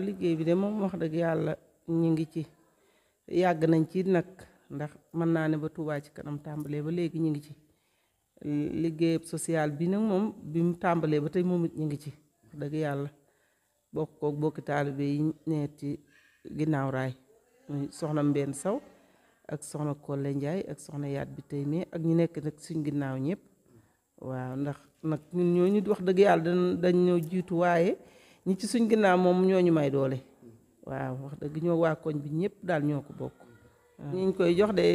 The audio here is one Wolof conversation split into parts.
daal liggéey bi de moom wax dëgg yàlla ñu ngi ci yàgg nañ ci nag ndax mën naa ne ba Touba ci kanam tàmbalee ba léegi ñu ngi ci liggéeyab sociale bi nag moom bi mu tàmbalee ba tey moom it ñu ngi ci wax dëgg yàlla bokk kook bokki taalibe yi ne ci ginnaaw raay soxna Mbène Saw ak soxna Kolle Ndiaye ak soxna yaat bi tey mais ak ñu nekk nag suñ ginnaaw ñëpp waaw ndax nag ñun ñooñu wax dëgg yàlla dañ dañ ñoo jiitu waaye ñi ci suñ ginnaaw moom ñoo ñu may doole waaw wax dëgg ñoo waa koñ bi ñëpp daal ñoo ko bokk. niñ koy jox de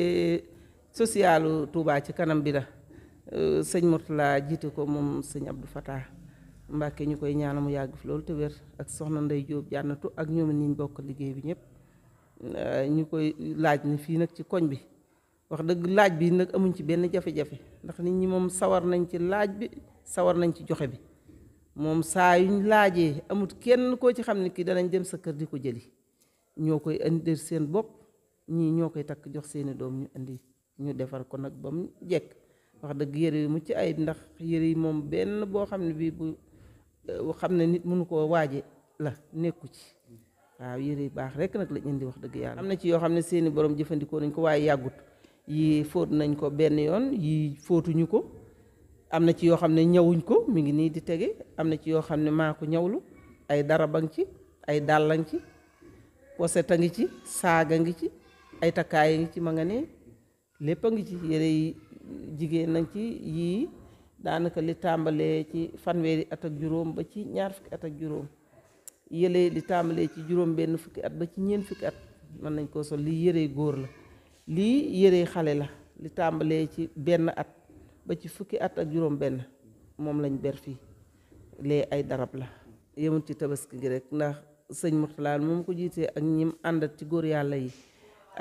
socialu tuubaa ci kanam bi la euh, sëñ Mourtala jiite ko moom sëñ du fataa Mbàkke ñu koy ñaanal mu yàgg fi loolu te wér ak soxna Ndey Jóob jànnatu ak ñoom ñi ñu bokk liggéey bi ñëpp euh, ñu koy laaj ni fii nag ci koñ bi wax dëgg laaj bi nag amuñ ci benn jafe-jafe ndax nit ñi moom sawar nañ ci laaj bi sawar nañ ci joxe bi. moom saa yuñ laajee amut kenn koo ci xam ne kii danañ dem sa kër di ko jëli ñoo koy indi seen bopp ñii ñoo koy takk jox seeni doom ñu indi ñu defar ko nag ba mu jekk wax dëgg yére yu ci ay ndax yére yi moom benn boo xam ne bii bu eh, xam ne nit mënu koo waaje la nekku ci waaw yére yu baax rek nag lañ indi wax dëgg yàlla am na ci yoo xam ne seeni borom jëfandikoo nañ ko waaye yàggut yii fóot nañ ko benn yoon yii fóotuñu ko am na ci yoo xam ne ñawuñ ko mu ngi nii di tege am na ci yoo xam ne maa ko ñawlu ay daraba ngi ci ay dàlla ngi ci poset a ngi ci saaga ngi ci ay takkaay ngi ci ma nga ne lépp a ngi ci yére yi jigéen nañ ci yii daanaka li tàmbalee ci fanweeri at ak juróom ba ci ñaar fukki at juróom yële li tàmbalee ci juróom benn fukki at ba ci ñeent fukki at mën nañ koo sol lii yërey góor la lii yërey xale la li tàmbalee ci benn at ba ci fukki at ak juróom benn moom lañ ber fii lee ay darab la yemul ci tabaski gi rek ndax sëñ Mourtala moom ko jiitee ak ñim àndat ci góor yàlla yi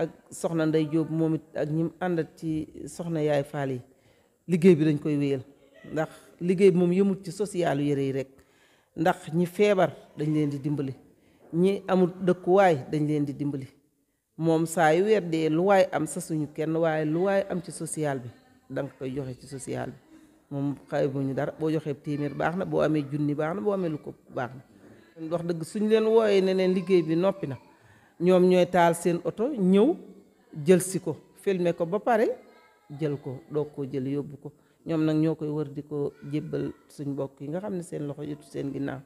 ak soxna Ndey Jóob moom it ak ñim àndat ci soxna Yaay Faal yi liggéey bi dañ koy wéyal ndax liggéey bi moom yemul ci socialu yére yi rek ndax ñi feebar dañ leen di dimbali ñi amul dëkkuwaay dañ leen di dimbali moom saa yu weer dee lu waay am sa suñu kenn waaye lu waay am ci social bi da koy joxe ci social bi moom xay bu ñu dara boo joxee téeméer baax na boo amee junni baax na boo amee lu ko baax na dëgg suñ leen wooyee ne leen liggéey bi noppi na ñoom ñooy taal seen oto ñëw jël si ko filmer ko ba pare jël ko doog koo jël yóbbu ko ñoom nag ñoo koy wër di ko jébbal suñ mbokk yi nga xam ne seen loxo jotu seen ginnaaw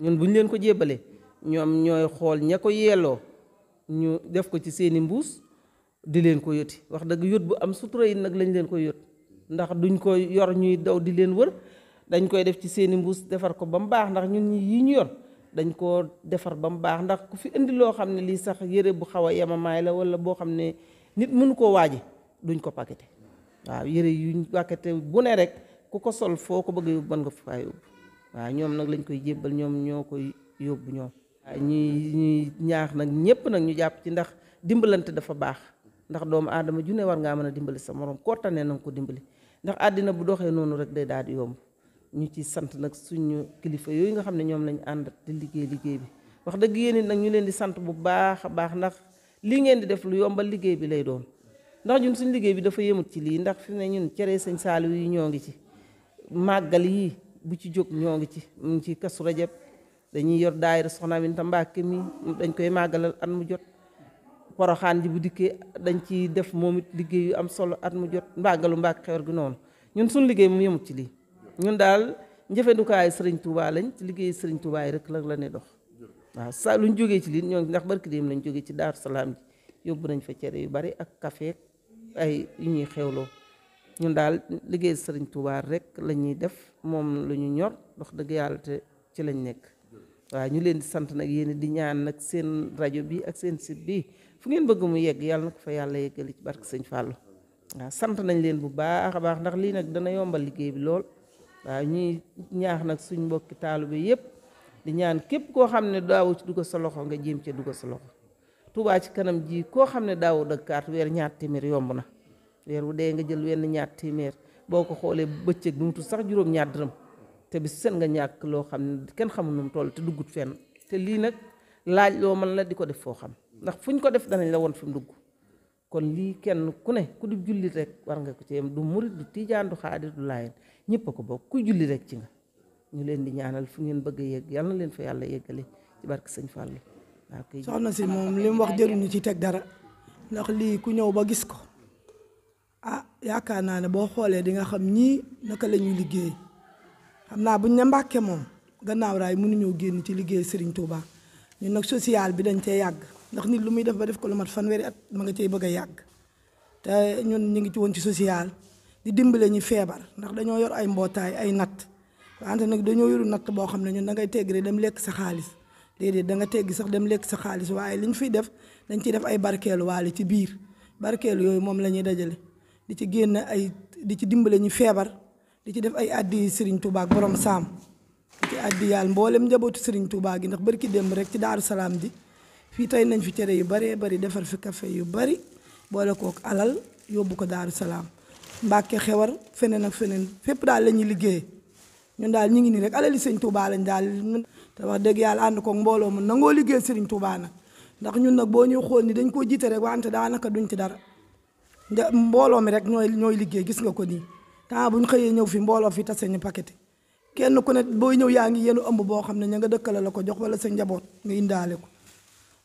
ñun bu ñu leen ko jébbalee ñoom ñooy xool ña ko yeeloo ñu def ko ci seeni mbuus di leen ko yóti wax dëgg yót bu am sutura nag lañ leen koy yot ndax duñ ko yor ñuy daw di leen wër dañ koy def ci seeni mbuus defar ko ba mu baax ndax ñun ñi yi ñu yor dañ koo defar ba mu baax ndax ku fi indi loo xam ne lii sax yére bu xaw a yemamaay la wala boo xam ne nit mënu koo waaje duñ ko pakkete waaw yére ñu pakete bu ne rek ku ko sol foo ko bëgg yóbbu mën nga faa yóbbu waaw ñoom nag lañ koy jébbal ñoom ñoo koy yóbbu ñoom. waaw ñuy ñaax nag ñëpp nag ñu jàpp ci ndax dimbalante dafa baax. ndax doomu aadama ju ne war ngaa mën a dimbali sa moroom koo tane na nga ko dimbali ndax àddina bu doxee noonu rek day daal di yomb ñu ci sant nag suñu kilifa yooyu nga xam ne ñoom lañ ànd di liggéey liggéey bi wax dëgg yéen it nag ñu leen di sant bu baax a baax ndax lii ngeen di def lu yombal liggéey bi lay doon ndax ñun suñu liggéey bi dafa yëmut ci lii ndax fi ne ñun cere sañ Saaliw yi ñoo ngi ci màggal yi bu ci jóg ñoo ngi ci mu ngi ci kasu rajab dañuy yor daayira soxna Aminta Mbàkke mi dañ koy màggalal at mu jot poroxaan ji bu dikkee dañ ci def moom it liggéeyu am solo at mu jot mbàggalu mbàgg xewar gi noonu ñun suñ liggéey mu yemut ci lii ñun daal njëfandikaayu sëriñ Touba lañ ci liggéey sëriñ Touba rek la la ne dox waaw sa luñ jógee ci lii ñoo ndax barki dem lañ jógee ci Daaru Salaam ji yóbbu nañ fa cere yu bari ak café ay yu ñuy xewloo ñun daal liggéey sëriñ Touba rek la ñuy def moom la ñu ñor ndox dëgg yàlla te ci lañ nekk waaw ñu leen di sant nag yéen di ñaan nag seen rajo bi ak seen site bi fu ngeen bëgg mu yegg yàlla na fa yàlla yeggali ci barke sëñ Fallou waaw sant nañ leen bu baax a baax ndax lii nag dana yombal liggéey bi lool waaw ñuy ñaax nag suñ mbokki taalibe yépp di ñaan képp koo xam ne daawu ci dugg sa loxo nga jéem ca dugg sa loxo Touba ci kanam ji koo xam ne daawu ak carte weer ñaar téeméer yomb na weer bu dee nga jël wenn ñaar téeméer boo ko xoolee bëccëg du sax juróom te bi seen nga ñàkk loo xam ne kenn xamul nu mu toll te duggut fenn te lii nag laaj loo mën la di ko def foo xam ndax fu ñu ko def danañ la woon fi mu dugg kon lii kenn ku ne ku di jullit rek war nga ko ci yem du murit du tiijaan du xaadir du laayen ñëpp a ko bokk ku julli rek ci nga ñu leen di ñaanal fu ngeen bëgg a yegg yal na leen fa yàlla yeggale ci barke sëñ Fallou waaw soxna si moom li mu wax jëruñu ci teg dara ndax lii ku ñëw ba gis ko ah yaakaar naa ne boo xoolee di nga xam ñii naka la ñu liggéey xam naa bu ñu ne Mbàkke moom gannaaw raay mënuñoo génn ci liggéey Serigne Touba ñu nag social bi dañ cee yàgg ndax nit lu muy def ba def ko lu mat fan fanweeri at ma nga cey bëgg a yàgg te ñun ñu ngi ci woon ci social di dimbale ñi feebar ndax dañoo yor ay mbootaay ay natt wante nag dañoo yoru natt boo xam ne ñun da ngay tegg rek dem lekk sa xaalis déedéet da nga tegg sax dem lekk sa xaalis waaye li ñu fiy def dañ ciy def ay barkeelu waale ci biir barkeelu yooyu moom la ñuy dajale di ci génn di ci dimbale ñi feebar. di ci def ay addi Serigne Touba ak borom saam di ci addi yàlla mboolem njabootu Serigne Touba gi ndax barki démb rek ci Daaru Salaam di fii tey nañ fi cere yu baree bari defar fi café yu bari boole kook alal yóbbu ko Daaru Salaam Mbàkke xewar feneen ak feneen fépp daal la ñuy liggéey ñun daal ñu ngi nii rek alali Serigne Touba lañ daal te wax dëgg yàlla ànd koog mbooloo mu nangoo liggéey Serigne Touba nag ndax ñun nag boo ñuy xool ni dañ koo jiite rek wante daanaka duñ ci dara mbooloo mi rek ñooy ñooy liggéey gis nga ko nii. temps bu ñu xëyee ñëw fi mbooloo fi tase ñu paqueté kenn ku ne booy ñëw yaa ngi yenu ëmb boo xam ne ña nga dëkkale la ko jox wala sa njaboot nga indaale ko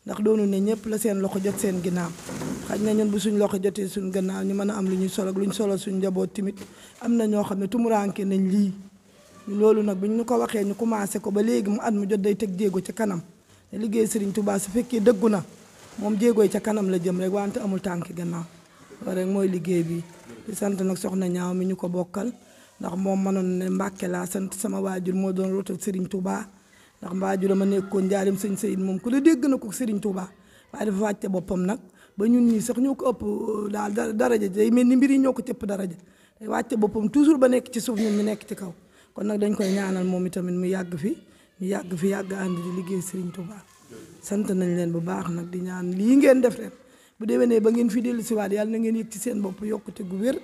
ndax doonu ne ñëpp la seen loxo jot seen ginnaaw xaj na ñun bu suñ loxo jotee suñ gannaaw ñu mën a am lu ñuy solo ak lu ñu solo suñ njaboot tamit am na ñoo xam ne tumuraanke nañ lii loolu nag bu ñu ko waxee ñu commencé ko ba léegi mu at mu jot day teg jéego ca kanam liggéey Serigne Touba su fekkee dëggu na moom jéego yi ca kanam la jëm rek wante amul tànk gannaaw loolu rek mooy liggéey bi di sant nag soxna ñaaw mi ñu ko bokkal ndax moom mënoon ne Mbàkke laa sant sama waajur moo doon root ak Serigne Touba ndax waajur ma nekkoon njaarim sëñ Seydou moom ku ne dégg na ko Serigne Touba waaye dafa wàcce boppam nag ba ñun ñii sax ñoo ko ëpp uh, daal daraja day mel ni mbir yi ñoo ko cëpp daraja day wàcce boppam toujours ba nekk ci suuf ñun ñu nekk ci kaw kon nag dañ ko ñaanal moom itamit mu yàgg fi mu yàgg fi yàgg ànd liggéey Serigne Touba sant nañ leen bu baax nag di ñaan lii ngeen def bu déwénee ba ngeen fi dellu siwaat yàlla na ngeen yëg ci seen bopp yokkute gu wér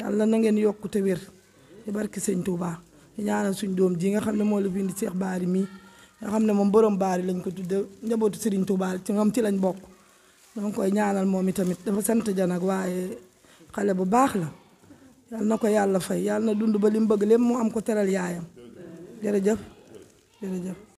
yàlla na ngeen yokkute wér ci barki sëñ Touba di ñaanal suñ doom ji nga xam ne moo la bindi Cheikh Baari mii nga xam ne moom borom baari lañ ko tudde njabootu Serigne Touba ci moom ci lañ bokk dama koy ñaanal moom itamit dafa sant nag waaye xale bu baax la yàlla na ko yàlla fay yàlla na dund ba li mu bëgg lépp mu am ko teral yaayam jërëjëf jërëjëf